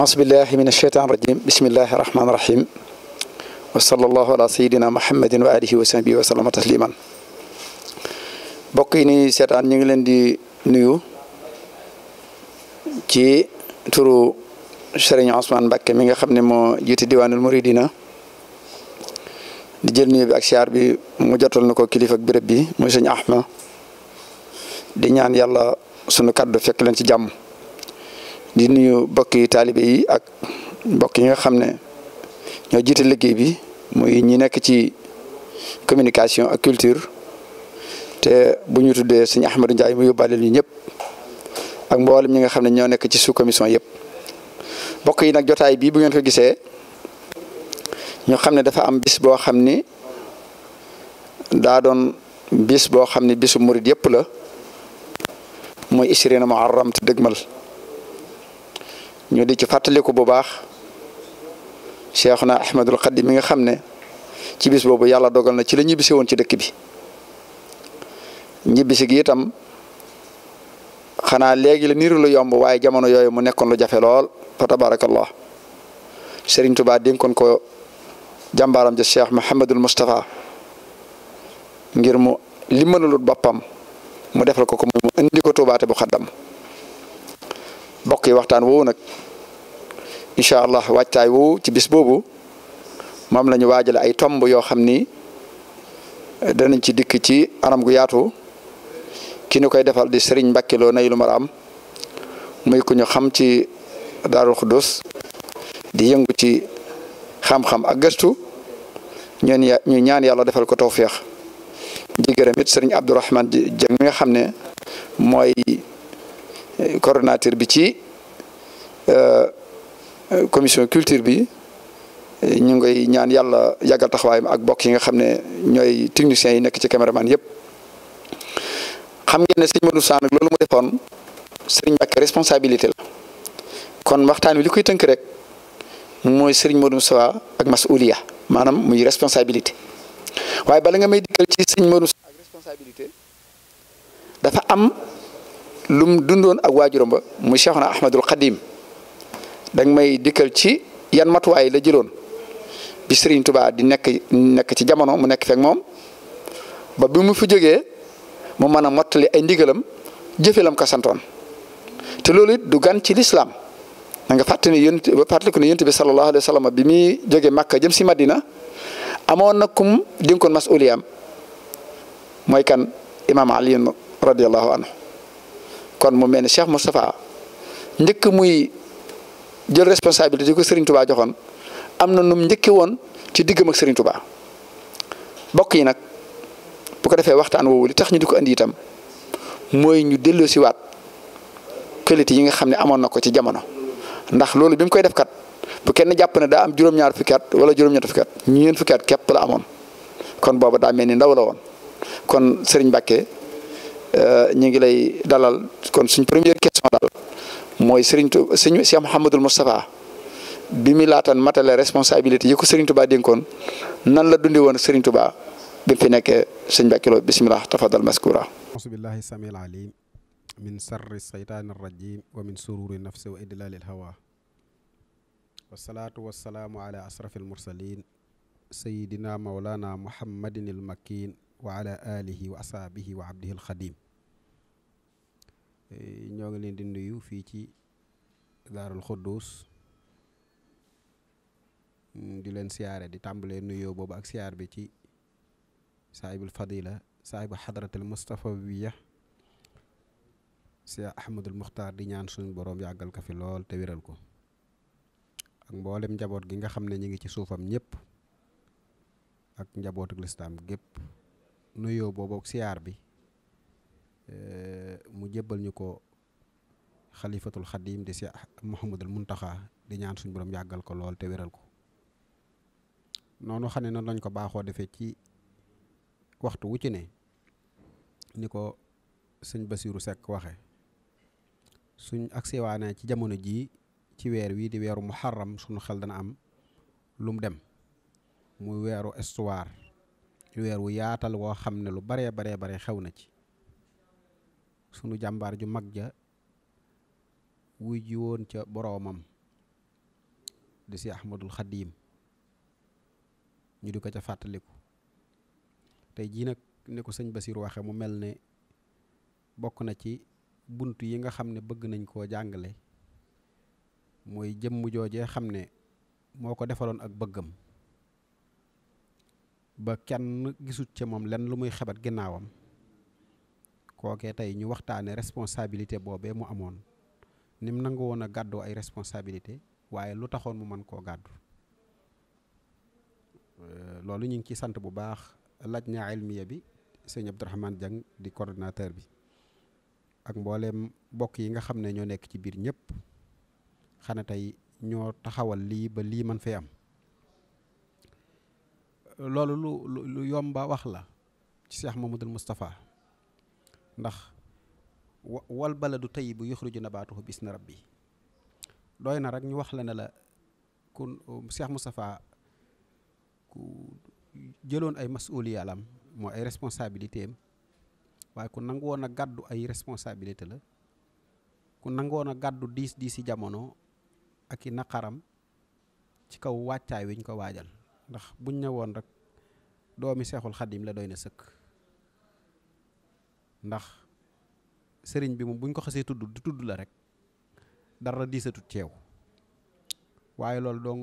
aasbillahi min asheytan rajim bismillahi rahmaani wa sallallahu sayidina muhammadin wa alihi wa sahbihi wa sallama tasliman mbokk yi ni seetaan ñu ngi leen di nuyu ci turu Serigne Ousmane Mbacké mi nga xam ne moo jiite diwaanul muridina di jël nuyu bi ak siyaar bi mu jotal na ko kilifa ak béréb bi muy sëñ di ñaan yàlla sunu kaddu fekk leen ci jàmm di nuyu mbokki taalibe yi ak mbokk yi nga xam ne ñoo jiite liggéey bi muy ñi nekk ci communication ak culture te bu ñu tuddee sëñ Ahmadou njaay mu yóbbaale ñu ñëpp ak mboolem ñi nga xam ne ñoo nekk ci sous commission yëpp mbokk yi nag jotaay bii bu ngeen ko gisee ñu xam ne dafa am bis boo xam ni daa doon bis boo xam ni bisu murid yëpp la mooy isriina muharram te dëgmal ñu di ci fàttaliku bu baax Cheikhuna Ahmadul Xadim mi nga xam ne ci bis boobu yàlla dogal na ci la ñibbisi woon ci dëkk bi ñibbisi itam xanaa léegi la niru la yomb waaye jamono yooyu mu nekkoon la jafe lool fa tabarakallah Serigne Touba dénkoon ko jàmbaaram ja Cheikh Mouhamadul Moustapha ngir mu li mënalut boppam mu defal ko ko mu indi ko Touba te bu xaddam bokk yi waxtaan woowu nag. incha allah waajtaay wu ci bis boobu moom lañu waajale ay tomb yoo xam ni danañ ci dikk ci anam gu yaatu ki ñu koy defal di Serigne Mbacke Lo Nayloul am muy ku ñu xam ci Daarul Xuddus di yëngu ci xam-xam ak gëstu ñeen ya ñu ñaan yàlla defal ko tawféex di gërëm it Serigne nga xam ne mooy coordonnateur bi ci. Euh, commission culture bi ñu ngay ñaan yàlla yàggal taxawaayam ak bokk yi nga xam ne ñooy technicien yi nekk ci caméraman yëpp. xam ngeen ne sëñ Modou Sane nag loolu defoon sëriñ Mbacke responsabilité la kon waxtaan wi li koy tënk rek mooy sëriñ Modou Sowa ak masuliya maanaam muy responsabilité waaye bala nga may dikkal ci sëñ Modou Sowa ak responsabilité dafa am lum dundoon ak waajuram ba muy Cheikhna Ahmadul Khadim. danga may dikkal ci yan matuwaay la jëloon bi Serigne Touba di nekk nekk ci jamono mu nekk fekk moom ba bi mu fi jógee mu mën a mottali ay ndigalam jëfelam ko te loolu it du gan ci lislaam da nga fàttali ne yonent fàttaliku ne yonent bi sallallahu alayhi wa bi muy jógee Makka jëm si Madina amoon na kum dénkoon masuliyaam mooy kan imaam Ali radiyallahu anhu kon mu mel ni Cheikh njëkk muy. jël responsabilité ko Serigne Touba joxoon am na nu mu njëkkee woon ci diggam ak Serigne Touba bokk yi nag bu ko defee waxtaan woowu li tax ñu di ko andi itam mooy ñu delloosiwaat qualité yi nga xam ne amoon na ko ci jamono ndax loolu bim koy def kat bu kenn jàpp ne daa am juróom-ñaar fukki at wala juróom-ñett fukki at ñeent fukki at képp la amoon kon booba daa mel ni ndaw la woon kon Serigne Mbacké euh, ñu ngi lay dalal kon suñ première question daal. mooy Serigne Touba Serigne Cheikh Mouhamadul Moustapha bi mi laataan matale responsabilité yi ko Serigne Touba dénkoon nan la dundee woon Serigne Touba bi fi nekkee sëñ Mbàkke Lo bisimilah tafadal maskura asubillahi samil alim min sarri saytaani rajim wa min sururi nafsi wa idlalil hawa wasalaatu wasalaamu ala asrafil mursalin sayidina maulana muhammadin il makin wa ala alihi wa asaabihi wa Eh, ñoo ngi leen di nuyu fii ci daarul xudduus mm, di leen siyaare di tàmbalee nuyoo boobu ak siyaar bi ci saahibul fadila saahibu xadratul mustafawiya si ahmadul muxtaar di ñaan suñu boroom yàggal ko fi lool te wéral ko ak mboolem njaboot gi nga xam ne ñu ngi ci suufam ñëpp ak njabootuk lislaam gépp nuyoo boobu ak siyaar bi Euh, mu jébbal ñu ko xalifatul xadim di Seex Muhammadul Muntaxa di ñaan suñ borom yàggal ko lool te wéral ko noonu xam ne noonu ko baaxoo defee ci waxtu wu ci ne ni ko sëñ Basiiru Sekk waxe suñ ak siwaane ci jamono jii ci weer wii di weeru muharram suñu xel dana am lu dem mu weeru histoire weer wu yaatal woo xam ne lu baree baree bare xew na ci sunu jàmbaar ju mag ja wuy ji woon ca boroomam di si Ahmadul Xadiim ñu di ko ca fàttaliku tey jii nag ne ko sëñ Basiir waxe mu mel ne bokk na ci bunt yi nga xam ne bëgg nañ koo jàngale mooy jëmm joojee xam ne moo ko defaloon ak bëggam ba kenn gisut ca moom lenn lu muy xebat ginnaawam kookee tey ñu waxtaane responsabilité boobee mu amoon ni mu nangu woon a gàddoo ay responsabilité waaye lu taxoon mu mën koo gàddu euh, loolu ñu ngi ci sant bu baax laaj na ilmiya bi sëñ Abdourahmane Dieng di coordonnateur bi ak mbooleem bokk yi nga xam ne ñoo nekk ci biir ñëpp xana tey ñoo taxawal lii ba lii man fee am loolu lu lu yomba wax la ci Cheikh Mamadou Moustapha ndax wal baladu tayyibu yuxriju nabaatuhu bi isni bi doy na rek ñu wax la ne la kun um, Cheikh Moustapha ku jëloon ay masuuliyaalam moo ay responsabilité waaye ku nangoon a gàddu ay responsabilité la ku nangoon a gàddu diis diisi jamono ak i naqaram ci kaw waajtaay wi ñu ko waajal ndax buñ ne woon rek doomi seexul xadim la doy na sëkk ndax sëriñ bi moom buñ ko xasee tudd du tudd la rek dara diisatu ci yow waaye loolu dong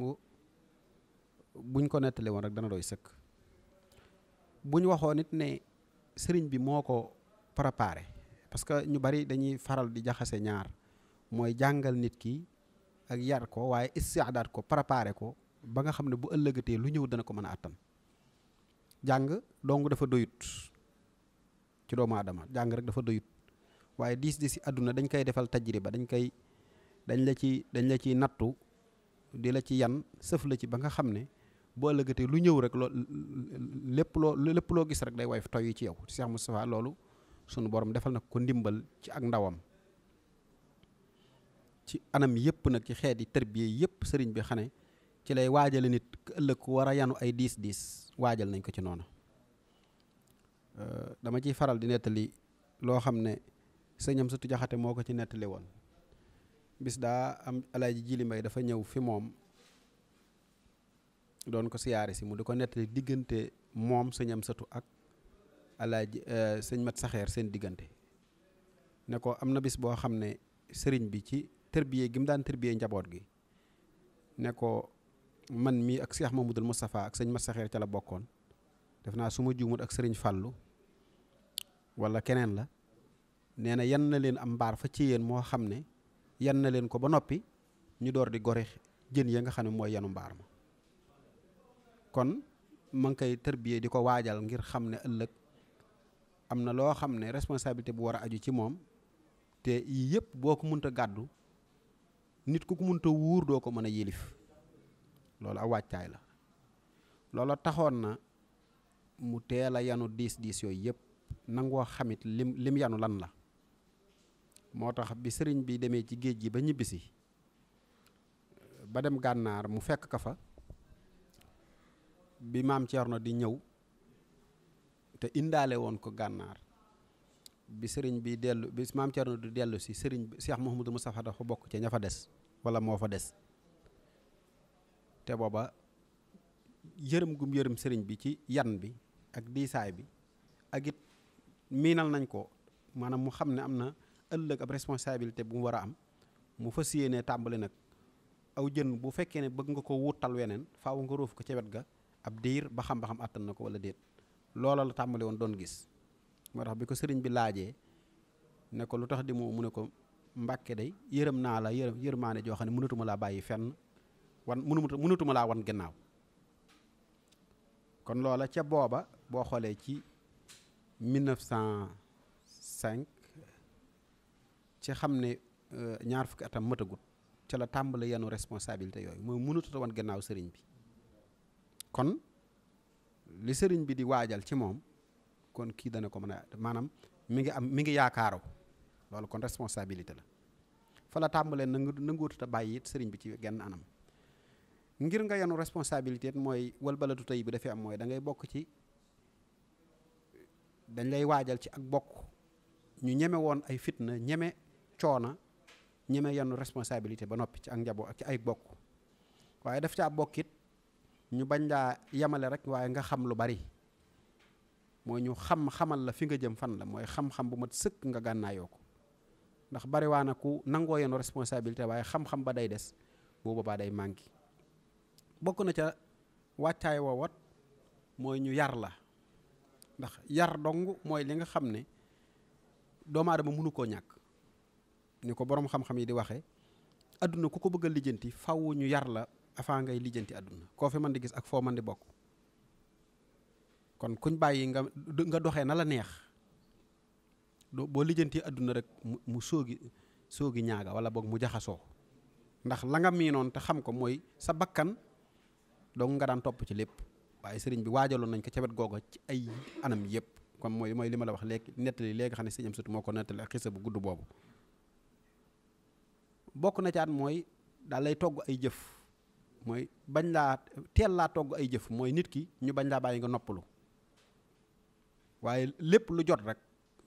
buñ ko nettali woon rek dana doy sëkk bu ñu waxoon nit ne sëriñ bi moo ko préparé parce que ñu bari dañuy faral di jaxase ñaar mooy jàngal nit ki ak yar ko waaye istiadaat ko préparé ko ba nga xam ne bu ëllëgatee lu ñëw dana ko mën a àttan jàng dong dafa doyut ci doomu aadama jàng rek dafa doyut waaye diis diis si àdduna dañ koy defal ba dañ koy dañ la ci dañ la ciy nattu di la ci yan sëf la ci ba nga xam ne boo ëllëgatee lu ñëw rek loo lépp loo lépp loo gis rek day way toy ci yow Cheikh Moustapha loolu sunu borom defal na ko ndimbal ci ak ndawam ci anam yëpp nag ci xeet yi tërbiye yëpp sëriñ bi xane ci lay waajale nit ëllëg ku war a yanu ay diis diis waajal nañ ko ci noonu Euh, dama ciy faral di nettali loo xam ne sëñam sutu jaxate moo ko ci nettali woon bis daa am alaaji jili mbay dafa ñëw fi moom doon ko siyaare si mu di ko nettali diggante moom sëñam sëtu ak alaaji euh, sëñ mat saxeer seen diggante ne ko am na bis boo xam ne sëriñ bi ci tërbiyee gi mu daan tërbiyee njaboot gi ne ko man mii ak seex ma Cheikh Mamadou Moustapha ak sëñ mat saxeer ca la bokkoon def naa su ma juumut ak sëriñ fàllu wala keneen la nee na yan na leen am mbaar fa ci yéen moo xam ne yan na leen ko ba noppi ñu door di gore jën ya nga xam ne mooy yanu mbaar ma kon ma ngi koy tërbiyee di ko waajal ngir xam ne ëllëg am na loo xam ne responsabilité bu war a aju ci moom te yii yëpp boo ko mënta gàddu nit ku ko mënta wuur doo ko mën a yilif loolu aw wàccaay la loola taxoon na mu teela a yanu diis diis yooyu yëpp nangoo xamit lim lim yanu lan la moo tax bi sëriñ bi demee ci géej gi ba ñibbisi ba dem gànnaar mu fekk ka fa bi maam na di ñëw te indaale woon ko gànnaar bi sëriñ bi dellu bi maam Cerno di dellu si sëriñ bi Cheikh Mouhamadou Moustapha dafa bokk ca ña fa des wala moo fa des te booba yërëm gum yërëm sëriñ bi ci yan bi ak diisaay bi ak it miinal nañ ko maanaam mu xam ne am na ëllëg ab responsabilité bu mu war a am mu fas yéene tàmbali nag aw jën bu fekkee ne bëgg nga ko wuutal weneen faaw nga róof ko ca wet ga ab diir ba xam ba xam àttan na ko wala déet loola la tàmbali woon doon gis moo tax bi ko sëriñ bi laajee ne ko lu tax di moo mu ne ko mbàkke day yërëm naa la yërëm yërmaane joo xam ne mënatuma laa bàyyi fenn wan mënatuma laa wan gannaaw kon loola ca booba boo xoolee ci 1905 ci xam ne euh, ñaar fukki atam matagut ca la tàmbali yanu responsabilité yooyu mooy mënutata woon gannaaw sëriñ bi kon li sëriñ bi di waajal ci moom kon kii dana ko mën a maanaam mi ngi am mi ngi yaakaaru loolu kon responsabilité la fa la tàmbalee nangu nanguutut a bàyyi it sëriñ bi ci genn anam ngir nga yanu responsabilité mooy walbalatu tey bi dafay am mooy da ngay bokk ci dañ lay waajal ci ak bokk ñu ñeme woon ay fitna ñeme coona ñeme yenn responsabilité ba noppi ci ak njaboot ci ay bokk waaye daf caa bokkit ñu bañ laa yamale rek waaye nga xam lu bari mooy ñu xam xamal la fi nga jëm fan la mooy xam-xam bu mat sëkk nga gànnaayoo ko ndax bari waa na ku nangoo yenu responsabilité waaye xam-xam ba day des bu boobaa day manqué bokk na ca wàccaay woowat mooy ñu yar la ndax yar dong mooy li nga xam ne doomu aadama mënu koo ñàkk ni ko boroom xam-xam yi di waxe àdduna ku ko bëgg lijjanti faw ñu yar la avant ngay lijjanti àdduna koo fi mën di gis ak foo mën di bokk kon kuñ bàyyi nga nga doxee na la neex boo lijjanti adduna rek mu soogi soogi ñaaga wala boog mu jaxasoo ndax la nga miinoon te xam ko mooy sa bakkan dong nga daan topp ci lépp waaye sëriñ bi waajaloon nañ ko ca wet googa ci ay anam yëpp comme mooy li ma la wax léegi nettali léegi xam ne sëriñ am sut moo ko nettali ak xisa bu gudd boobu bokk na ci at mooy daal lay togg ay jëf mooy bañ laa teel laa togg ay jëf mooy nit ki ñu bañ laa bàyyi nga noppalu waaye lépp lu jot rek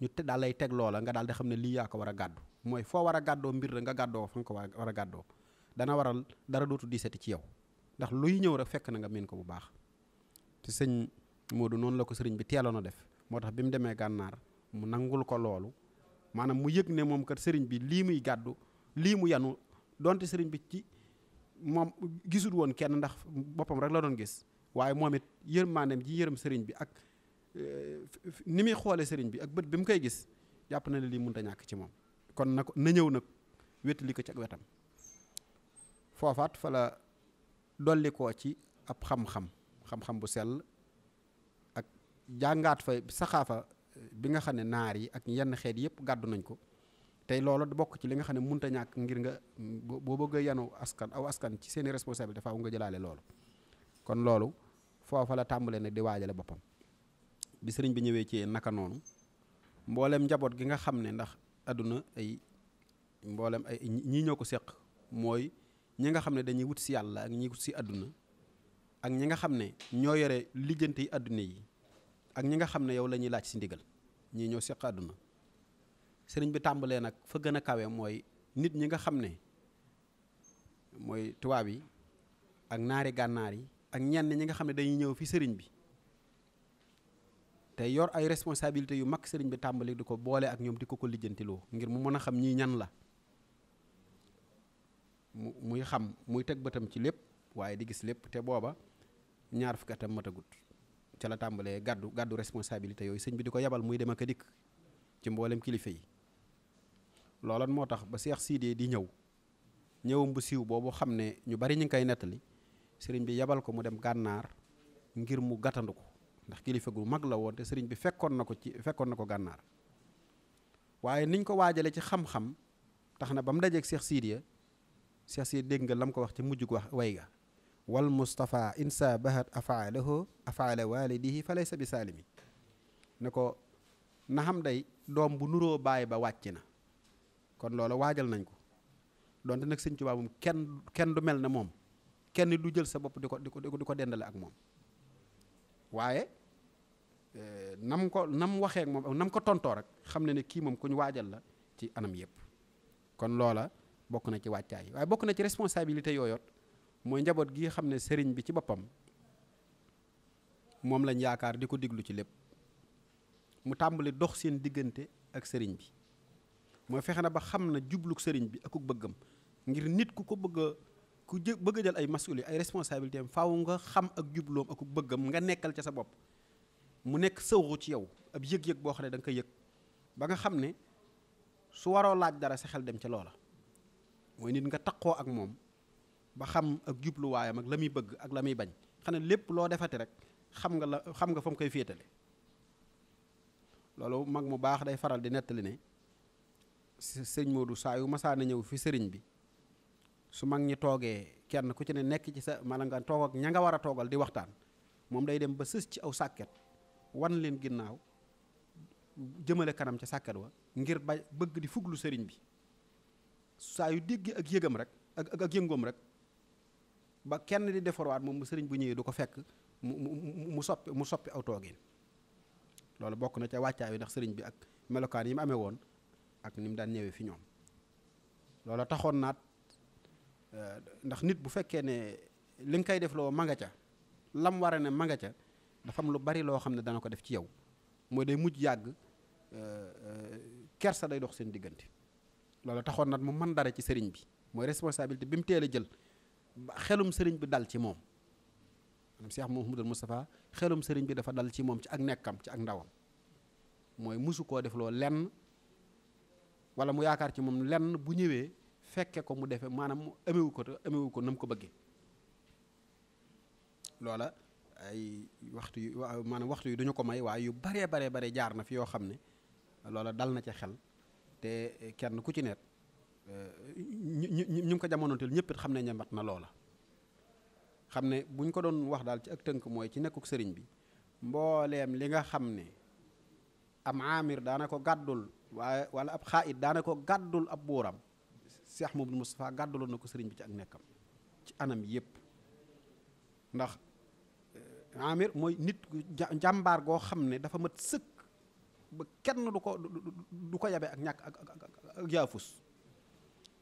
ñu te daal lay teg loola nga daal di xam ne lii yaa ko war a gàddu mooy foo war a gàddoo mbir rek nga gàddoo fa nga ko war a gàddoo dana waral dara dootu di seeti ci yow ndax luy ñëw rek fekk na nga mën ko bu baax te sëñ Modou noonu la ko sëriñ bi teeloon a def moo tax bi mu demee gànnaar mu nangul ko loolu maanaam mu yëg ne moom kat sëriñ bi lii muy gàddu lii mu yanu donte sëriñ bi ci moom gisul woon kenn ndax boppam rek la doon gis waaye moom it yërmandeem ji yërëm sëriñ bi ak euh, ni muy xoole sëriñ bi ak bët bi mu koy gis jàpp na ne lii mun a ñàkk ci moom kon na ko na ñëw li ko ci ak wetam foofaat fa la dolli ci ab xam-xam xam-xam bu sell ak jàngaat fa saxaafa bi nga xam ne naar yi ak yenn xeet yëpp gàddu nañ ko tey loolu bokk ci li nga xam ne mënta ñàkk ngir nga boo bëgg yenu askan aw askan ci seeni responsabilité faaw nga jëlaale loolu kon loolu foofa la tàmbalee nag di waajale boppam bi sëriñ bi ñëwee ci naka noonu mbooleem njaboot gi nga xam ne ndax àdduna ay mboolem ay ñii ñoo ko seq mooy ñi nga xam ne dañuy wut si yàlla ak ñi wut si àdduna ak ñi nga xam ne ñoo yore lijjante yi àdduna yi ak ñi nga xam ne yow lañuy laaj si ndigal ñii ñoo seq àdduna sëriñ bi tàmbalee nag fa gën a kawe mooy nit ñi nga xam ne mooy tubaab yi ak naari gànnaar yi ak ñenn ñi nga xam ne dañuy ñëw fi sëriñ bi te yor ay responsabilités yu mag sëriñ bi tàmbali di ko boole ak ñoom di ko ko lijjantiloo ngir mu mën a xam ñii ñan la mu muy xam muy teg bëtam ci lépp waaye di gis lépp te booba ñaar fukki atam matagut ca la tàmbalee gàddu gàddu responsabilité yooyu sëñ bi di ko yabal muy dem ak a dikk ci mboolem kilifa yi loolan moo tax ba Seex Siidee di ñëw ñëwam bu siiw boobu xam ne ñu bari ñu ngi koy nettali sëriñ bi yabal ko mu dem gànnaar ngir mu gàttandu ko ndax kilifa gu mag la woon te sëriñ bi fekkoon na ko ci fekkoon na ko gànnaar waaye niñ ko waajale ci xam-xam tax na ba mu dajeeg Seex Siidee Seex see dégg nga lam ko wax ci mujj gu wax way ga wal mustafa in saabahat afaalahu afaala di fa laysa bi saalimi ne ko na xam day doom bu nuroo baay ba wàcc na kon loola waajal nañ ko donte nag sëñ Tuubaa moom kenn kenn du mel ne moom kenn du jël sa bopp di ko di ko di ko dendale ak moom waaye eh, nam ko nam waxee ak moom nam ko tontoo rek xam ne ne kii moom ku ñu waajal la ci anam yëpp kon loola bokk na ci wàccaay waaye bokk na ci responsabilité yooyoot mooy njaboot gi xam ne sëriñ bi ci boppam moom lañ yaakaar di ko diglu ci lépp mu tàmbali dox seen diggante ak sëriñ bi mooy fexe na ba xam na jubluk sëriñ bi akuk bëggam ngir nit ku ko bëgg a ku bëgg jël ay masuuli ay responsabilité am faaw nga xam ak jubloom akuk bëggam nga nekkal ca sa bopp mu nekk sëwru ci yow ab yëg-yëg boo xam ne danga nga koy yëg ba nga xam ne su waroo laaj dara sa xel dem ca loola mooy nit nga taqoo ak moom ba xam ak jubluwaayam ak la muy bëgg ak la muy bañ xana lépp loo defati rek xam nga la xam nga fa mu koy féetale loolu mag mu baax day faral di nettali ne sëñ Modou saa yu masaana ñëw fi sëriñ bi su mag ñi toogee kenn ku ci ne nekk ci sa maanaam nga toog ak ña nga war a toogal di waxtaan moom day dem ba sës ci aw sàkket wan leen ginnaaw jëmale kanam ca sàkket wa ngir ba bëgg di fuglu sëriñ bi saa yu dégg ak yëgam rek ak ak yëngoom rek ba kenn di defarwaat moom mu sëriñ bu ñëwee du ko fekk mu mu mu soppi mu soppi aw toogin loolu bokk na ca wàccaay wi ndax sëriñ bi ak melokaan yi mu amee woon ak ni mu daan ñëwee fi ñoom loolu taxoon naat eh, ndax nit bu fekkee ne li nga koy def loo maga ca lam war a ne ma ca dafa am lu bari loo xam ne danga ko def ci yow mooy day mujj yàgg eh, eh, kersa day dox seen diggante loolu taxoon naat mu mën dara ci sëriñ bi mooy responsabilité bi mu teel a jël. xelum sëriñ bi dal ci moom maanaam Cheikh Mouhamadul Moustapha xelum sëriñ bi dafa dal ci moom ci ak nekkam ci ak ndawam mooy musu koo def loo lenn wala mu yaakaar ci moom lenn bu ñëwee fekke ko mu defee maanaam amewu ko amewu ko nam ko bëggee loola ay waxtu yu maanaam waxtu yu duñu ko may waaye yu baree baree bare jaar na fi yoo xam ne loola dal na ci xel te kenn ku ci nekk ñu ñu ko jamonoonteel ñëpp it xam ne ñamat na loola xam ne bu ñu ko doon wax daal ci ak tënk mooy ci nekkuk sëriñ bi mbooleem li nga xam ne am amir daana ko gàddul waaye wala ab xaayit daana ko gàddul ab buuram Cheikh Mouhamadou Moustapha gàdduloon na ko sëriñ bi ci ak nekkam ci anam yëpp ndax eh, amir mooy nit jàmbaar goo xam ne dafa mat sëkk ba kenn du ko du ko yabe ak ñàkk ak ak yaafus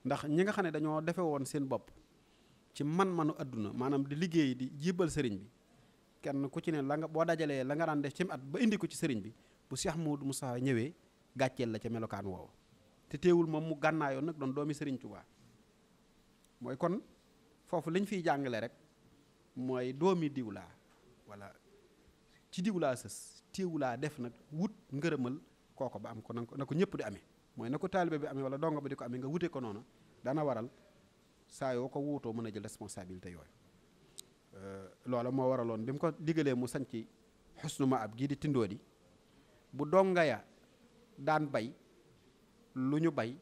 ndax ñi nga xam ne dañoo defe woon seen bopp ci man-manu adduna maanaam di liggéey di jibal sëriñ bi kenn ku ci ne la nga boo dajalee la nga daan def ci at ba indi ko ci sëriñ bi bu du mu Moussa ñëwee gàcceel la ca melokaan woowu te teewul moom mu gànnaayoon nag doon doomi sëriñ Tuubaa mooy kon foofu liñ fiy jàngale rek mooy doomi diwlaa wala ci diwlaa sës teewulaa def nag wut ngërëmal kooko ba am ko na ko ñëpp di amee mooy na ko taalibe bi amee wala dongo ba di ko amee nga wute ko noonu dana waral saa yoo ko wuutoo mën a jël responsabilité yooyu euh, loola moo waraloon bi mu ko digalee mu sañ ci xusnu ma ab gii di tindoo di bu donga ya daan bay lu ñu bay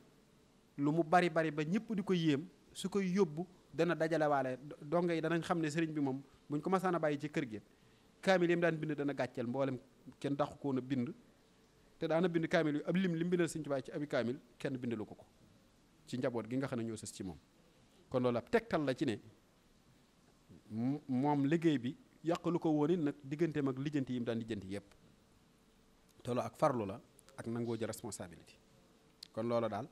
lu mu bari bari ba ñëpp di ko yéem su koy yóbbu dana dajalewaale donga yi danañ xam ne sëriñ bi moom buñ ko masaana a bàyyi ci kër gi kaamil yi daan bind dana gàcceel mboolem kenn daxu koon a bind te daana bind kaamil yu ab lim lim bindal Sëñ Tuubaa ci abi kaamil bindalu ko ko ci njaboot gi nga xam ne ñoo sës ci moom kon loolu ab tegtal la ci ne moom liggéey bi yàqalu ko woon it nag digganteem ak lijjanti yi mu daan lijjanti yëpp tolloo ak farlu la ak nangoo jël responsabilité kon loolu daal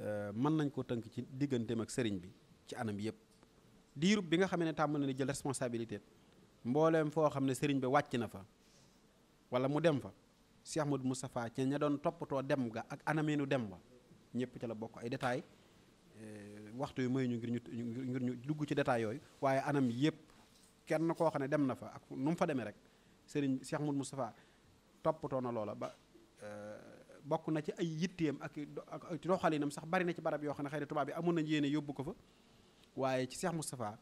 euh, mën nañ ko tënk ci digganteem ak sëriñ bi ci anam yëpp diirub bi nga xam ne tàmm na ni jël responsabilité mbooleem foo xam ne sëriñ bi wàcc na fa wala mu dem fa Cheikh Modou Moustapha ca ña doon toppatoo dem ga ak anaminu dem wa ñëpp ca la bokk ay détails eh, waxtu yu may ñu ngir ñu ngir ñu dugg ci détails yooyu waaye anam yëpp kenn koo xam ne dem na fa ak nu mu fa demee rek Serigne Cheikh mustafaa Moustapha toppatoo na loola ba eh, bokk na ci ay yitteem ak ak doxalinam sax bari na ci barab yoo xam ne xëy na tubaab bi amoon nañ yéene yóbbu ko fa waaye ci Cheikh Moustapha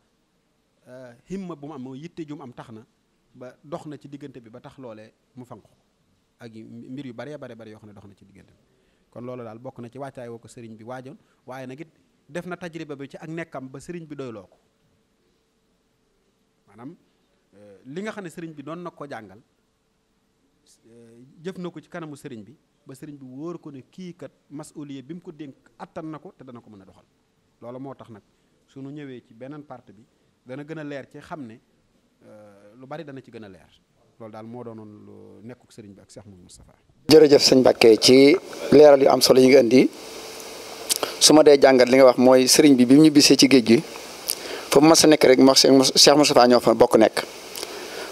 eh, himma bu mu am yitte ju am tax na ba dox na ci diggante bi ba tax loolee mu fanq ak mbir yu bare bare bare yoo xam ne dox na ci diggante kon loolu daal bokk na ci waajtaay woo ko sëriñ bi waajoon waaye nag it def na tajriba bi ci ak nekkam ba sëriñ bi doyloo ko maanaam euh, li nga xam ne sëriñ bi doon nag ko jàngal jëf na ko ci kanamu sëriñ bi ba sëriñ bi wóor ko ne kii kat masuliye bi mu ko dénk attan na ko te dana ko mën a doxal loolu moo tax nag su nu ñëwee ci beneen partie bi dana gën a leer ci xam ne euh, lu bari dana ci gën a leer loolu daal moo doonoon lu nekkuk sëriñ bi ak Cheikh Mouhamadou Moustapha. jërëjëf sëñ ci leeral yu am solo yi nga indi su ma dee jàngat li nga wax mooy sëriñ bi bi ñibbisee ci géej gi fa mu mas nekk rek moo Cheikh Moustapha ñoo fa bokk nekk.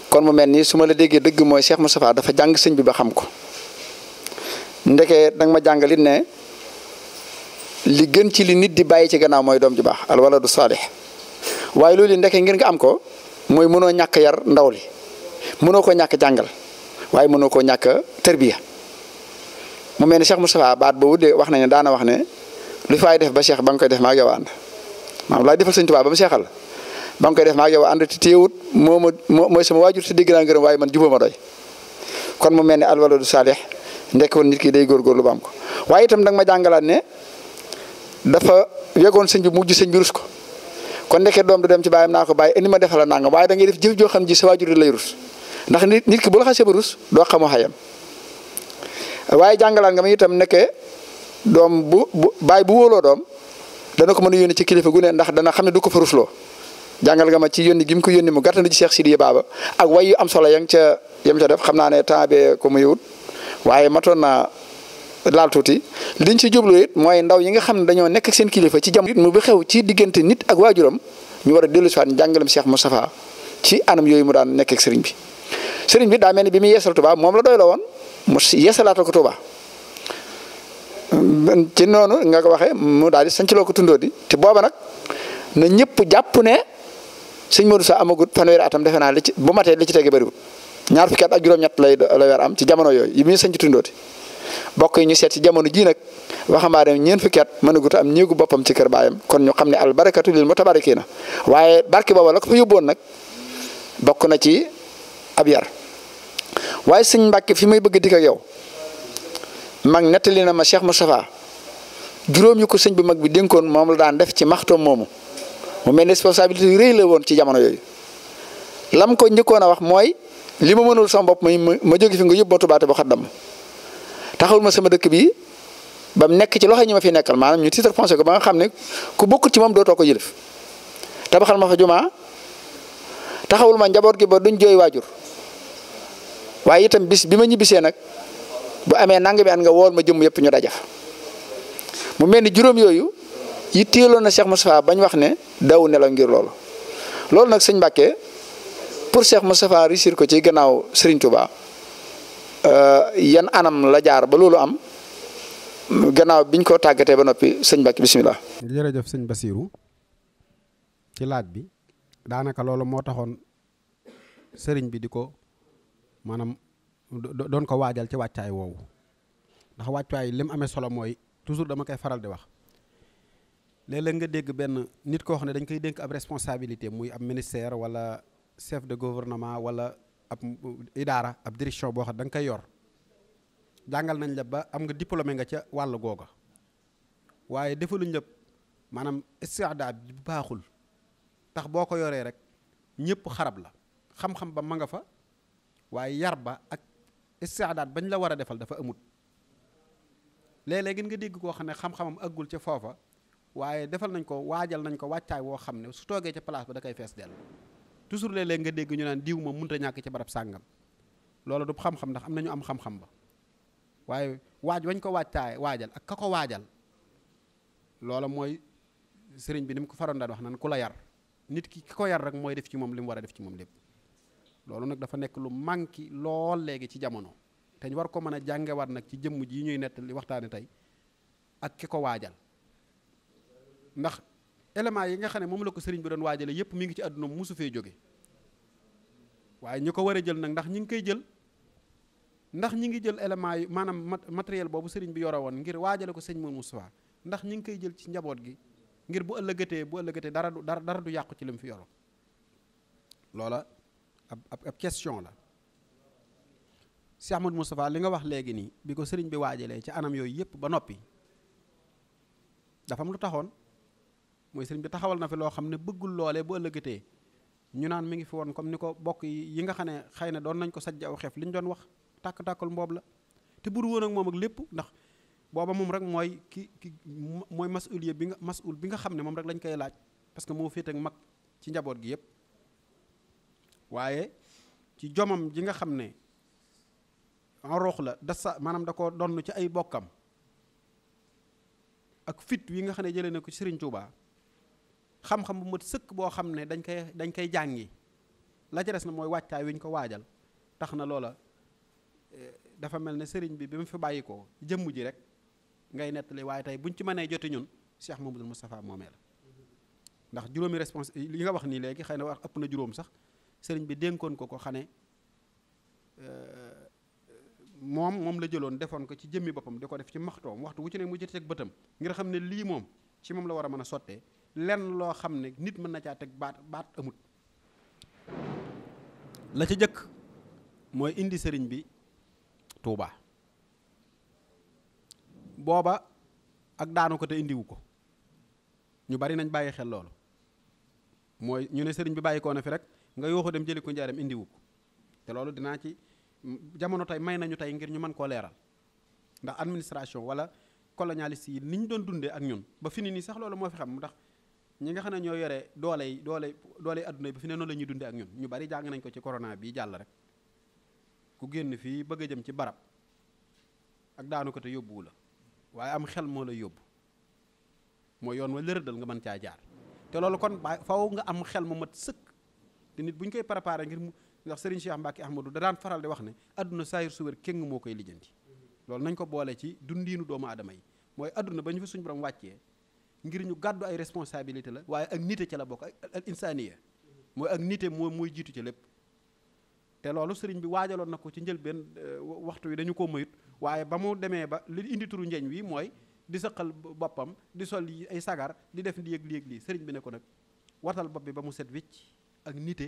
kon mu mel ni su ma la déggee dëgg mooy Cheikh Moustapha dafa jàng sëñ bi ba xam ko ndeke danga ma jàngalit ne li gën ci li nit di bàyyi ci gannaaw mooy doom ju baax alwaladu saalih waaye loolu ndeke ngir nga am ko mooy mënoo ñàkk yar ndaw li. mënoo ko ñàkk jàngal waaye mënoo koo ñàkk tërbiya mu mel ne Cheikh Moustapha baat boobu de wax nañ ne daana wax ne lu faay def ba Cheikh ba nga koy def maa ngi yow ànd maanaam laay defal sëñ Tuubaa ba mu seexal ba nga koy def maa ngi yow ànd te teewut moo ma mooy sama waajur te dégg naa waaye man jubóo ma doy kon mu mel ne alwaladu saalix ndekk woon nit ki day góorgóorlu ba am ko waaye itam danga ma jàngalaat ne dafa wegoon sëñ bi mujj sëñ bi rus ko kon ndeke doom du dem ci bàyyam naa ko bàyyi indi defal a nangam waaye da ngay def jëf joo xam ji sa waajur lay rus ndax nit nit ki bu la xasee ba rus doo xamoo xayam waaye jàngalaan nga ma itam nekke doom bu bu baay bu wóoloo doom dana ko mën a yónni ci kilifa gu ne ndax dana xam ne du ko fa rusloo jàngal nga ma ci yónni gi mu ko yónni mu gàttandu ci Cheikh Sidiya Baba ak way am solo ya ca yam ca def xam naa ne temps bee ko matoon naa laal tuuti liñ ci jublu mooy ndaw yi nga xam ne dañoo nekk seen kilifa ci jamono mu bi xew ci diggante nit ak waajuram ñu war a dellu si waat seex Cheikh Moustapha ci anam yooyu mu daan nekk ak sëriñ bi. sëriñ bi daa mel ni bi muy yeesal Touba moom la doy la woon mu yeesalaatal ko Touba ci noonu nga ko waxee mu daal di sancaloo ko di te booba nag na ñëpp jàpp ne sëñ Modou Sa amagut fanweeri atam defe naa li ci bu matee li ci tege bëriwul ñaar fukki ñett lay lay am ci jamono yooyu yi muy sanc tundooti bokk yi ñu seet ci jamono ji nag waxambaane ñeent fukki at mënagut a am ñeegu boppam ci kër baayam kon ñu xam ne albarakatu lil mutabarikiina waaye barke booba la ko fa yóbboon nag bokk na ci ab yar waaye sëñ Mbàkke fi may bëgg di ko yow mag nettali na ma Cheikh Moustapha juróom yu ko sëñ bu mag bi dénkoon moom la daan def ci maxtoom moomu mu mel ne responsabilité yu rëy la woon ci jamono yooyu lam ko njëkkoon a wax mooy li ma mënul sama bopp may ma jóge fi nga yóbbu ma tubaate ba dam taxawul ma sama dëkk bi ba mu nekk ci loxo ñi ma fi nekkal maanaam ñu titre foncier ko ba nga xam ne ku bokkut ci moom dootoo ko yëlëf tabaxal ma fa jumaa taxawul ma njaboot gi ba duñ jooy waajur waaye itam bis bi ma ñibbisee nag bu amee nangami at nga wool ma jëm yëpp ñu dajaf mu mel ni juróom yooyu yitteeloon na Cheikh Moustapha bañ wax ne daw nelaw ngir loolu loolu nag sëñ Mbàkke pour Cheikh Moustapha réussir ko ci gannaaw Serigne Touba euh, yan anam la jaar ba loolu am gannaaw biñ ko tàggatee ba noppi sëñ Mbàkke bisimilah. jërëjëf sëñ Basirou ci laaj bi daanaka loolu moo taxoon sëriñ bi di ko. maanaam doon ko waajal ci wàccaay woowu ndax wàccaay li mu amee solo mooy toujours dama koy faral di wax léeg-léeg nga dégg benn nit koo xam ne dañ koy dénk ab responsabilité muy ab ministère wala chef de gouvernement wala ab idaara ab direction boo xam ne da nga koy yor jàngal nañ la ba am nga diplômé nga ca wàll googa waaye defaluñ la maanaam istiada bi baaxul tax boo ko yoree rek ñëpp xarab la xam-xam ba ma nga fa waaye yar ba ak istiadaat bañ la war a defal dafa amut léeg-léeg nga dégg koo xam ne xam-xamam ëggul ca foofa waaye defal nañ ko waajal nañ ko wàccaay woo xam ne su toogee ca place ba da koy fees dell toujours léeg-léeg nga dégg ñu naan diw moom mënut a ñàkk ci barab sàngam loolu du xam-xam ndax am nañu am xam-xam ba waaye waaj wañ ko wàccaay waajal ak ka ko waajal loola mooy sëriñ bi ni mu ko faroon daan wax naan ku la yar nit ki ki ko yar rek mooy def ci moom li mu war a def ci moom lépp loolu nag dafa nekk lu manqué lool léegi ci jamono te ñu war ko mën a jàngewaat nag ci jëmm ji ñuy nettali waxtaane tey ak ki ko waajal ndax élément yi nga xam ne moom la ko sëriñ bi doon waajale yépp mu ngi ci àdduna mosu fee jóge waaye ñu ko war a jël nag ndax ñi ngi koy jël ndax ñi ngi jël élément yi maanaam matériel boobu sëriñ bi yore woon ngir waajale ko sëñ Mor Moustapha ndax ñi ngi koy jël ci njaboot gi ngir bu ëllëgëtee bu ëllëgatee dara du dara du yàqu ci li mu fi yoro ab ab question la Cheikh Ahmadou Moustapha li nga wax léegi nii bi ko sëriñ bi waajalee ci anam yooyu yëpp ba noppi dafa am lu taxoon mooy sëriñ bi taxawal na fi loo xam ne bëggul loolee bu ëllëgatee ñu naan mi ngi fi woon comme ni ko bokk yi nga xam ne xëy na doon nañ ko sajj aw xef li ñu doon wax tàkk-tàkkal mboob la te bur woon ak moom ak lépp ndax booba moom rek mooy ki ki mooy masuliye bi nga masul bi nga xam ne moom rek lañ koy laaj parce que moo féete mag ci njaboot gi yëpp waaye ci jomam ji nga xam ne enrox la dasa maanaam da ko donn ci ay bokkam ak fit wi nga xam ne jëlee na ko Serigne Touba xam-xam bu mat sëkk boo xam ne dañ koy dañ koy jàngi la ca na mooy wàccaay wi ñu ko waajal tax na loola eh, dafa mel ne sëriñ bi bi mu fi bàyyi ko jëmm ji rek ngay nettali waaye tey buñ ci mënee joti ñun Cheikh Mamadou Moustapha moomee la ndax juróomi respons li nga wax nii léegi xëy na war a ëpp na juróom sax sëriñ bi dénkoon ko ko xane euh, moom moom la jëloon defoon ko ci jëmmi boppam di ko def ci maxtoom waxtu wu ci ne mu ci teg bëtam ngir xam ne lii moom ci moom la war a mën a sottee lenn loo xam ne nit mën na caa teg baat baat amut la ca jëkk mooy indi sëriñ bi Tuuba booba ak daanu ko te indiwu ko ñu bari nañ bàyyi xel loolu mooy ñu ne sëriñ bi bàyyi koo na fi rek nga yoo ko dem jëli ko njaareem indiwu ko te loolu dinaa ci jamono tey may nañu tey ngir ñu man koo leeral ndax administration wala koloñalis yi ni ñu doon dundee ak ñun ba fi ni nii sax loolu moo fi xam mu tax ñi nga xam ne ñoo yore doole yi doole doole adduna bi fi ne noonu la ñuy dundee ak ñun ñu bari jàng nañ ko ci korona bii jàll rek ku génn fii bëgg a jëm ci barab ak daanu ko te yóbbuwu la waaye am xel moo la yóbbu mooy yoon wa lërëdal nga mën caa jaar te nit bu ñu koy préparé ngir mu ndax Serigne Cheikh Mbacke Ahmadou da daan faral di wax ne adduna saayir su wér kéng moo koy lijjanti loolu nañ ko boole ci dundiinu doomu adama yi mooy àdduna ba ñu fi suñu borom wàccee ngir ñu gàddu ay responsabilité la waaye ak nite ca la bokk ak insaniya mooy ak nite moo mooy jiitu ca lépp te loolu sëriñ bi waajaloon na ko ci njëlbeen euh, waxtu wi dañu ko moyut waaye ba mu demee ba li indi njeeñ wi mooy di sëqal boppam di sol ay sagar di def di yëg lii ak bi ne ko nag watal bopp bi ba mu set wicc ak nite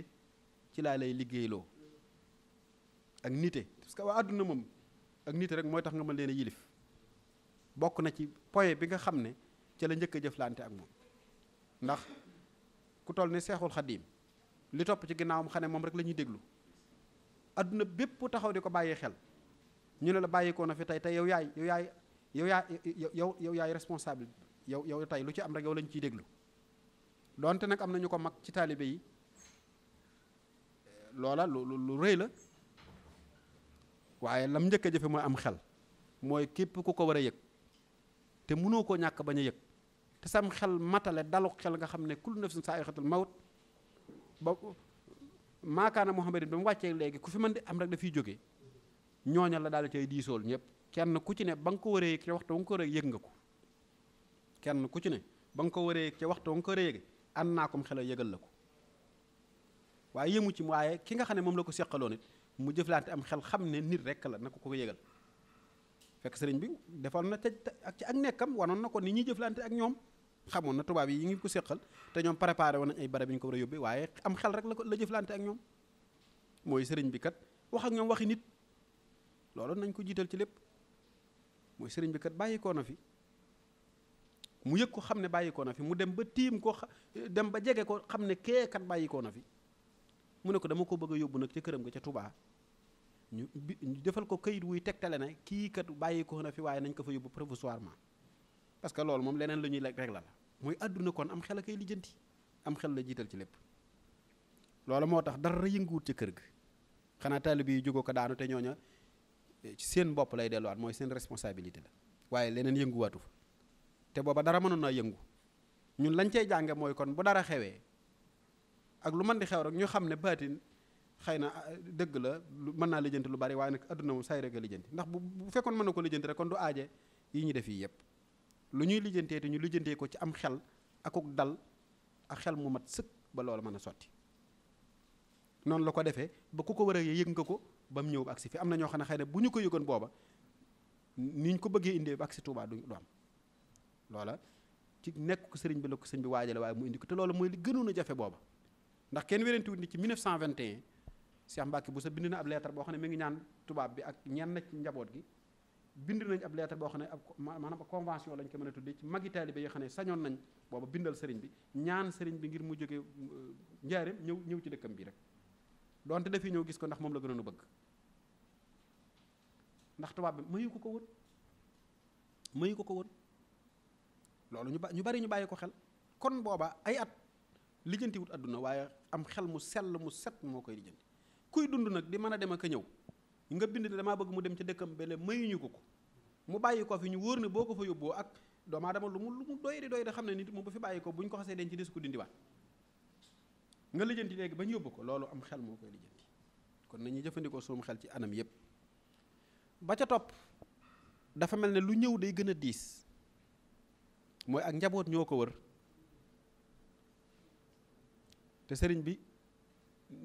ci laa lay liggéeyloo ak nite parce que waa àdduna moom ak nite rek mooy tax nga ma leen a yilif bokk na ci point bi nga xam ne ci la njëkk a jëflante ak moom ndax ku toll ne seexul xadiim li topp ci ginnaawam xam ne moom rek la ñuy déglu àdduna bépp taxaw di ko bàyyi xel ñu ne la bàyyikoo na fi tey tey yow yaay yow yaay yow yaay yow yow yaay responsable yow tey lu ci am rek yow lañ ciy déglu donte nag am na ñu ko mag ci taalibe yi loola lu lu rëy la waaye lam njëkk a jëfe mooy am xel mooy képp ku ko war a yëg te mënoo koo ñàkk bañ a yëg te sam xel matale dalu xel nga xam ne kullu nafsin saa'iqatul mawt ba maakaana Muhammadin ba mu wàccee léegi ku fi mën di am rek dafay jóge ñooña la daal di cay diisool ñëpp kenn ku ci ne ba nga ko waree yëg ca waxtu ba nga ko waree yëg nga ko kenn ku ci ne ba nga ko waree yëg ca ko waree yëg ànd naa ko mu xel a yëgal la ko waaye yëmu ci waaye ki nga xam ne moom la ko seqaloon it mu jëflante am xel xam ne nit rek la na ko ko yëgal fekk sëriñ bi defal na te ak ci ak nekkam wanoon na ko ni ñuy jëflante ak ñoom xamoon na tubaab yi yi ngi ko seqal te ñoom préparé woon nañ ay barab yi ñu ko war a yóbbee waaye am xel rek la ko la jëflante ak ñoom mooy sëriñ bi kat wax ak ñoom waxi nit loolu nañ ko jiital ci lépp mooy sëriñ bi kat bàyyi na fi mu yëg ko xam ne bàyyi na fi mu dem ba tiim ko dem ba jege ko xam ne kee kat na fi. mu ne ko dama ko bëgg a yóbbu nag ca këram nga ca tubaa ñu defal ko kayit wuy teg tale na kii kat bàyyi ko na fi waaye nañ ko fa yóbbu provisoirement parce que loolu moom leneen la ñuy rek la la mooy àdduna kon am xel a koy lijjanti am xel la jiital ci lépp loolu moo tax dara yënguwut ci kër gi xanaa taalibe yi jógoo ko daanu te ñooña eh, ci seen bopp lay delluwaat mooy seen responsabilité la waaye leneen yënguwaatu fa te booba dara mënoon naa yëngu ñun lañ cey jànge mooy kon bu dara xewee ak lu man di xew rek ñu xam ne baatin xëy na ah, dëgg la mën naa lijjanti lu bari waaye nag adduna moom saay rek a lijjanti ndax bu bu fekkoon mën na ko lijjanti rek kon du aaje yi ñu def yëpp lu ñuy lijjantee te ñu lijjantee ko ci am xel akuk dal ak xel mu mat sëkk ba loolu mën a sotti noonu la ko defee ba ku ko war a yëg nga ko ba mu ñëw ba agsi fi am na ñoo xam ne xëy na bu ñu ko yëgoon booba ni ñu ko bëggee indee ba si Tuubaa du am loola ci nekk ko sëriñ bi la ko sëriñ bi waajale waaye mu indi ko te loolu mooy li gënoon a ndax kenn wérantiwut ni ci 1921 Cheikh Mbacke Bousso bind na ab lettre boo xam ne mi ngi ñaan tubaab bi ak ñenn ci njaboot gi bind nañ ab lettre boo xam ne ab maanaam convention lañ ko mën a tuddee ci magi taalibe yoo xam ne sañoon nañ booba bindal sëriñ bi ñaan sëriñ bi ngir mu jóge euh, njaareem ñëw ñëw ci dëkkam bii rek donte dafi ñëw gis ko ndax moom la gënoon a bëgg ndax tubaab bi mayu ko ko woon ko ko woon loolu ñu ba ñu bari ñu bàyyi ko xel kon booba ay at lijjantiwut adduna waaye am xel mu sell mu set moo koy lijjanti kuy dund nag di mën a dem ak ñëw nga bind ne damaa bëgg mu dem ca dëkkam bele mayuñu ko ko mu bàyyi ko fi ñu wóor ne boo ko fa yóbboo ak doomu aadama lu lu mu doy di doy di xam ne nit mu bu fi bàyyi ko bu ñu ko xasee denc des ko dindiwaat nga lijjanti léegi ba ñu yóbbu ko loolu am xel moo koy lijjanti kon nañu jëfandikoo suum xel ci anam yépp ba ca topp dafa mel ne lu ñëw day gën a diis mooy ak njaboot ñoo ko wër te sëriñ bi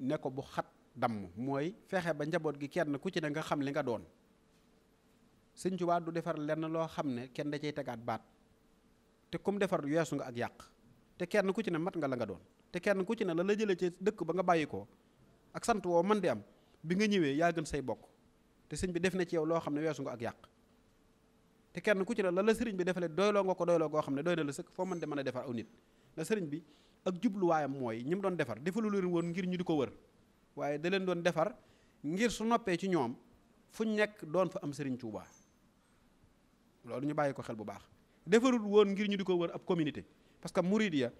nekko bu xat damm mooy fexe ba njaboot gi kenn ku ci ne nga xam li nga doon sëñ Tuubaa du defar lenn loo xam ne kenn da cay tegaat baat te kum defar weesu nga ak yàq te kenn ku ci ne mat nga la nga doon te kenn ku ci ne la la jëlee ci dëkk ba nga bàyyi ko ak sant woo man di am bi nga ñëwee yaa gën say bokk te sëñ bi def na ci yow loo xam ne weesu yàq te kenn ku ci ne la la sëriñ bi defalee doyloo nga ko doyloo goo xam ne doy na la sëkk foo mën de mën a defar aw nit la sëriñ bi ak jubluwaayam mooy ñi mu doon defar defalu leen woon ngir ñu di ko wër waaye da leen doon defar ngir su noppee ci ñoom fuñ nekk doon fa am Serigne Touba loolu ñu bàyyi ko xel bu baax defarul woon ngir ñu di ko wër ab communauté parce que Mouridia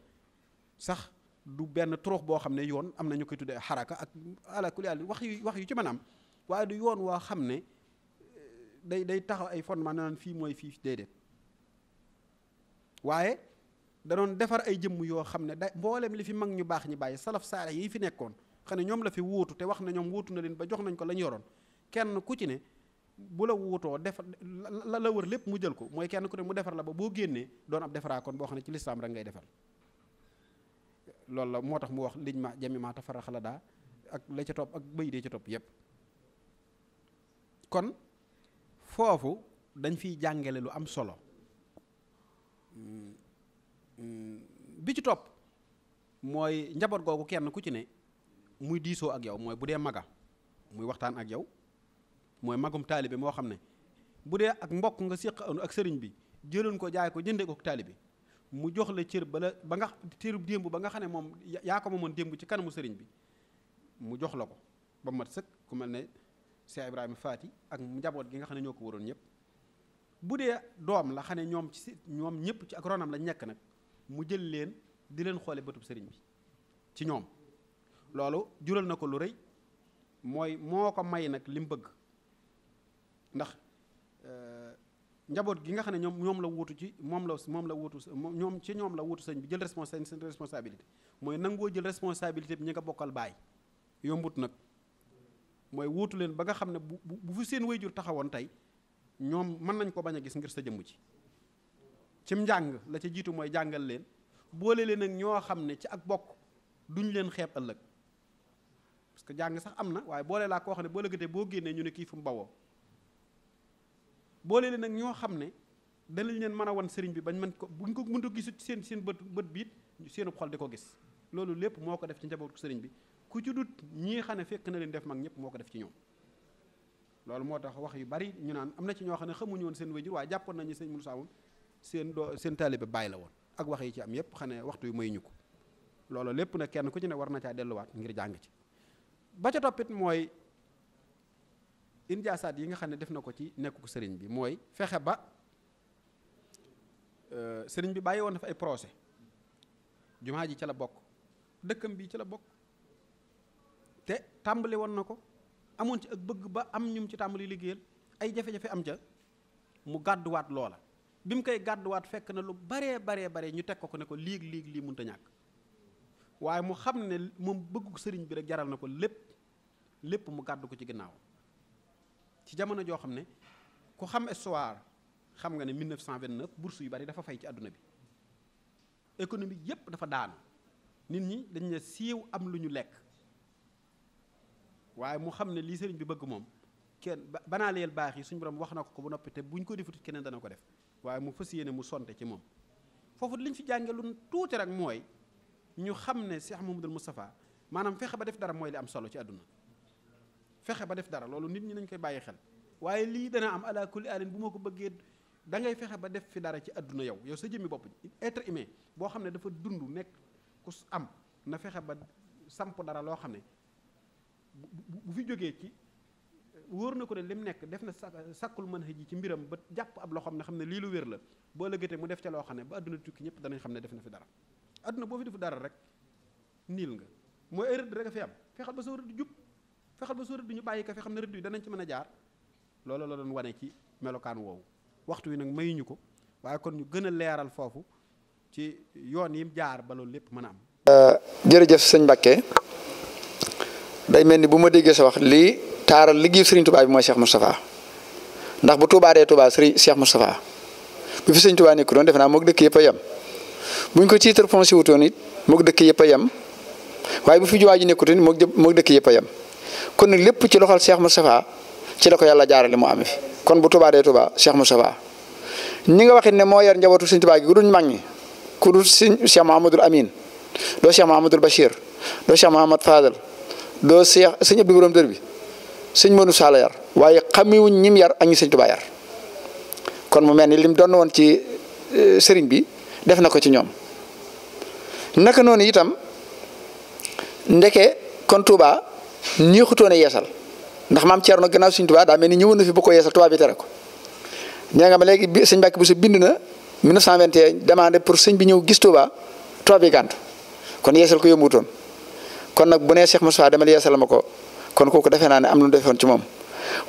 sax du benn turux boo xam ne yoon am na ñu koy tuddee xaraka ak ala kulli wax yu wax yu ci mën am waaye du yoon woo xam ne eh, day day taxaw ay fondement naan fii mooy fii déedéet waaye. da defar ay jëmm yoo xam ne da mboolem li fi mag ñu baax ñi bàyyi salaf saalex yi fi nekkoon xam ne ñoom la fi wuutu te wax na ñoom wuutu na leen ba jox nañ ko la ñu yoroon kenn ku ci ne bu la wuutoo defar la la wër lépp mu jël ko mooy kenn ku ne mu defar la ba boo génnee doon ab kon boo xam ne ci lislaam rek ngay defar loolu la moo tax mu wax liñ ma jami ma tafaraxa la ak la ca topp ak bëy dee ca topp yépp kon foofu dañ fiy jàngale lu am solo Mm, bi ci topp mooy njaboot googu kenn ku ci ne muy diisoo ak yow mooy bu dee maga muy waxtaan ak yow mooy magum taalibe moo xam ne bu dee ak mbokk nga séq ak sëriñ bi jëloon ko jaay ko jëndee ko ak taalibe mu jox la cër bala ba nga cërub démb ba nga xam ne moom yaa ko moomoon démb ci kanamu sëriñ bi mu jox la ko ba mat sëkk ku mel ne Cheikh Ibrahima Faati ak njaboot gi nga xam ne ñoo ko waroon ñëpp bu dee doom la xam ne ñoom ci ñoom ñëpp ci ak ronam lañ nekk nag mu jël leen di leen xoole bëtub sëriñ bi ci ñoom loolu jural na ko lu rëy mooy moo ko may nag li mu bëgg ndax euh, njaboot gi nga xam ne ñoom ñoom la wuutu ci moom la moom la wuutu ñoom ci ñoom la wuutu sëñ bi jël responsa seen responsabilité mooy nangoo jël responsabilité bi ñi nga bokkal baay yombut nag mooy wuutu leen ba nga xam ne bu bu fi seen wayjur taxawoon tey ñoom mën nañ ko bañ a gis ngir sa jëmm ci ci mu njàng la ca jiitu mooy jàngal leen boole leen ak ñoo xam ne ci ak bokk duñ leen xeeb ëllëg parce que jàng sax am na waaye boole laa koo xam ne boo lëggatee boo génnee ñu ne kii fu mu bawoo boole leen ak ñoo xam ne danañ leen mën a wan sëriñ bi bañ mën ko buñ ko mënut a gisu ci seen seen bët bët biit seenu xol di ko gis loolu lépp moo ko def ci njabootu sëriñ bi ku ci dut ñii xam ne fekk na leen def mag ñëpp moo ko def ci ñoom loolu moo tax wax yu bari ñu naan am na ci ñoo xam ne xamuñu woon seen wajur waaye jàppoon nañu sëñ Moussa moom seen doo seen taalibe bàyyi la woon ak wax yi ci am yépp xane waxtu yu may ñu ko loolu lépp nag kenn ku ci ne war na caa delluwaat ngir jàng ci ba ca toppit mooy injaasaat yi nga xam ne def na ko ci nekk nekku sëriñ bi mooy fexe ba euh, sëriñ bi bàyyi woon na ay procès jumaa ji ca la bokk dëkkam bi ci la bokk te tàmbali woon na ko amoon ci ak bëgg ba am ñum ci tàmbali liggéeyal ay jafe-jafe am ca mu gàdduwaat loola bi mu koy gàdduwaat fekk na lu baree baree bare ñu teg ko ko ne ko liig liig lii mënta ñàkk waaye mu xam ne moom bëggu sëriñ bi rek jaral na ko lépp lépp mu gàdd ko ci ginnaaw ci jamono joo xam ne ku xam histoire xam nga ne 1929 bourse yu bari dafa fay ci àdduna bi économie yépp dafa daanu nit ñi dañ ne siiw am lu ñu lekk waaye mu xam ne lii sëriñ bi bëgg moom kenn banaa leel baax yi suñu borom wax na ko ko bu noppi te buñ ko defutit keneen dana ko def waaye mu fas yéene mu sonte ci moom foofu li ñu fi jànge lu tuuti rek mooy ñu xam ne Cheikh Mouhamadoul Moustapha maanaam fexe ba def dara mooy li am solo ci àdduna fexe ba def dara loolu nit ñi nañ koy bàyyi xel waaye lii dana am ala kulli alin bu ma ko bëggee da ngay fexe ba def fi dara ci àdduna yow yow sa jëmmi bopp être humain boo xam ne dafa dund nekk ku am na fexe ba samp dara loo xam ne bu fi jógee ci wóor na ko ne lim nekk def na sàkkul mën xëj yi ci mbiram ba jàpp ab loxoom ne xam ne lii lu wér la boo lëgëtee mu def ca loo xam ne ba adduna tukki ñëpp danañ xam ne def na fi dara àdduna boo fi defu dara rek niil nga mooy ay rëdd rek a fi am fexal ba soo rëdd jub fexal ba soo rëdd ñu bàyyi ko fi ne rëdd yi danañ ci mën a jaar loolu la doon wane ci melokaan woowu waxtu wi nag mayuñu ko waaye kon ñu gën a leeral foofu ci yoon yim jaar ba loolu lépp mën a am euh, jërëjëf sëñ Mbacke day mel ni bu ma déggee sa wax lii taaral liggéey Serigne Touba bi mooy Cheikh Moustapha ndax bu Touba dee Touba Serigne Cheikh Moustapha bu fi Serigne Touba nekk doon defe naa moog dëkk yëpp a yem buñ ko titre foncier wutoon it moog dëkk yëpp a yem waaye bu fi jumaa ji nekkutoon moog moog dëkk yëpp a yem kon lépp ci loxol Cheikh Moustapha ci la ko yàlla jaarale mu amee fi kon bu Touba dee Touba Cheikh Moustapha ñi nga waxit ne moo yar njabootu Serigne Touba gi ku duñ mag ñi ku dul Serigne Cheikh Mahamadul Amin doo Cheikh Mahamadul Bachir doo Cheikh Mahamad Fadal doo Cheikh Serigne Abdou Borom Dër bi sëñ Modou Moussa yar waaye xamewuñ ñim yar ak ñi sëñ Tuubaa yar kon mu mel ni lim doon woon ci e, sëriñ bi def na ko ci ñoom naka noonu itam ndeke kon Touba neexutoon a yeesal ndax maam Thierno gannaaw sëñ Touba daa mel ni ñëwoon na fi bu ko yeesal Touba bi tere ko ñaa nga ma léegi bi sëñ Mbàkke Busso bind na 1921 demande pour sëñ bi ñëw gis Touba Touba bi gàntu kon yeesal ko yombutoon kon nag bu nee Cheikh Moussa demal yeesal ma ko. kon kooku defee naa ne am lu defoon ci moom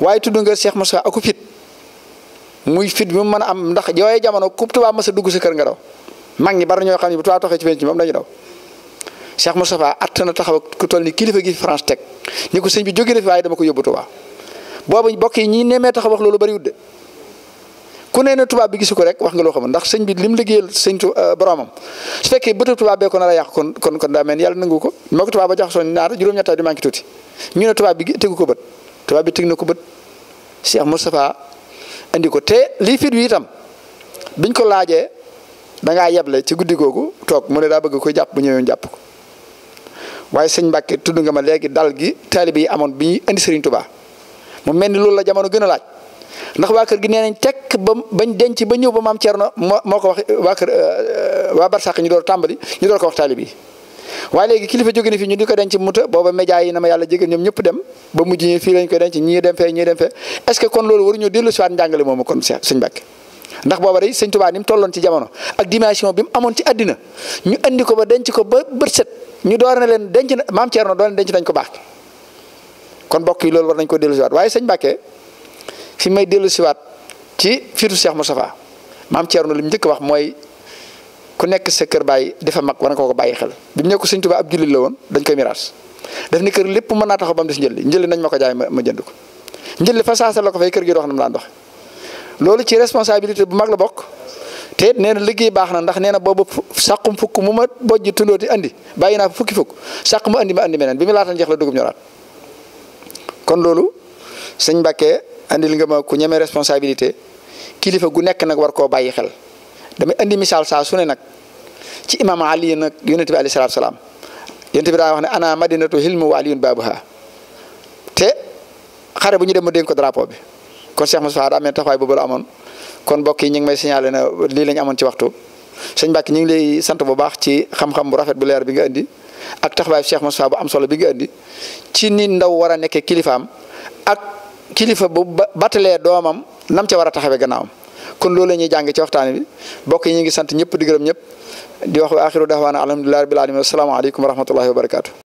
waaye tudd nga Cheikh Moussa aku fit muy fit bi mu mën a am ndax yooyu jamono ku tubaab mës a dugg sa kër nga daw mag ñi bari ñoo xam ne bu tubaab toxee ci benn ci moom dañu daw Cheikh Moustapha atte na taxaw ku toll ni kilifa gi France teg ni ko sëñ bi jóge na fi waaye dama ko yóbbu tubaab boobu bokk yi ñi nemee taxaw loolu bariwul de ku nee tubaab bi gisu ko rek wax nga loo xam ndax sëñ bi lim liggéeyal sëñ tu euh, boromam su fekkee bëtu tubaab bee ko nar a yàq kon kon kon daa mel yàlla nangu ko moo ko tubaab ba jaxasoo ñaar juróom-ñett di manqué tuuti ñu ne tubaab bi tegu ko bët tubaab bi teg na ko bët Cheikh Moustapha andi ko te lii fiir wi itam biñ ko laajee da ngaa yeble ci guddi googu toog mu ne daa bëgg koy jàpp bu ñëwee jàpp ko waaye sëñ Mbàkke tudd nga ma léegi dal gi taalibe yi amoon bi ñuy indi Sëriñ Tuubaa mu mel ni loolu la jamono gën a laaj ndax waa kër gi nee nañ tekk ba bañ denc ba ñëw ba maam Thierno moo moo ko wax waa kër euh, euh, waa Barsàq ñu door tàmbali ñu door ko wax taalib yi waaye léegi kilifa jóge na fi ñu di ko denc muta booba média yi na ma yàlla jégal ñoom ñëpp dem ba mujj ñi fii lañ ko denc ñii dem fee ñii dem fee est-ce que kon loolu waruñu dellu si waat njàngale moomu kon sëñ Mbàkke ndax booba day sëñ Tuubaa ni mu tolloon ci jamono ak dimension bi mu amoon ci àddina ñu andi ko ba denc ko ba bët set ñu door na leen denc na maam Thierno doon denc nañ ko baax kon mbokk yi loolu war nañ ko dellu si waaye sëñ Mbàkke fi may dellu siwaat ci fiitu Cheikh Moustapha maam Thierno li mu njëkk wax mooy ku nekk sa kër bàyyi dafa mag war nga ko bàyyi xel bi mu nekk Sëñ Tuubaa ab jullit la woon dañ koy miraas daf na kër lépp mën naa taxaw ba mu des njëlli njëlli nañ ma ko jaay ma jënd ko njëlli fa la ko fay kër gi dox na mu dox loolu ci responsabilité bu mag la bokk te nee na liggéey baax na ndax nee na boobu sàqum fukk mu ma bojj tundooti indi bàyyi naa fukki fukk sàq mu indi ma andi meneen bi mu laata jeex la dugub ñoraat kon loolu sëñ Mbàkke andil nga ma ku ñeme responsabilité kilifa gu nekk nag war koo bàyyi xel damay andi misaal saa su nag ci imaam Ali nag yonent bi alayhi salaatu bi daa wax ne ana madinatu hilmu te xare bu ñu dem mu dénk ko drapo bi kon Cheikh Moustapha daa amee taxawaay boobu la amoon kon mbokk yi ñu ngi may signalé na lii lañ amoon ci waxtu sëñ Mbàkke ñu ngi lay sant bu baax ci xam-xam bu rafet bu leer bi nga indi ak taxawaay Cheikh Moustapha bu am solo bi nga indi ci nii ndaw war a nekkee kilifaam ak kilifa bu batalee doomam nam ca war a taxawee am kon loolu la ñuy jàng ci waxtaan bi mbokk yi ñu ngi sant ñëpp di gërëm ñëpp di wax wa axiru dahwaana alhamdulillahi rabbil alamin asalaamaaleykum wa rahmatullahi wa barakaatu.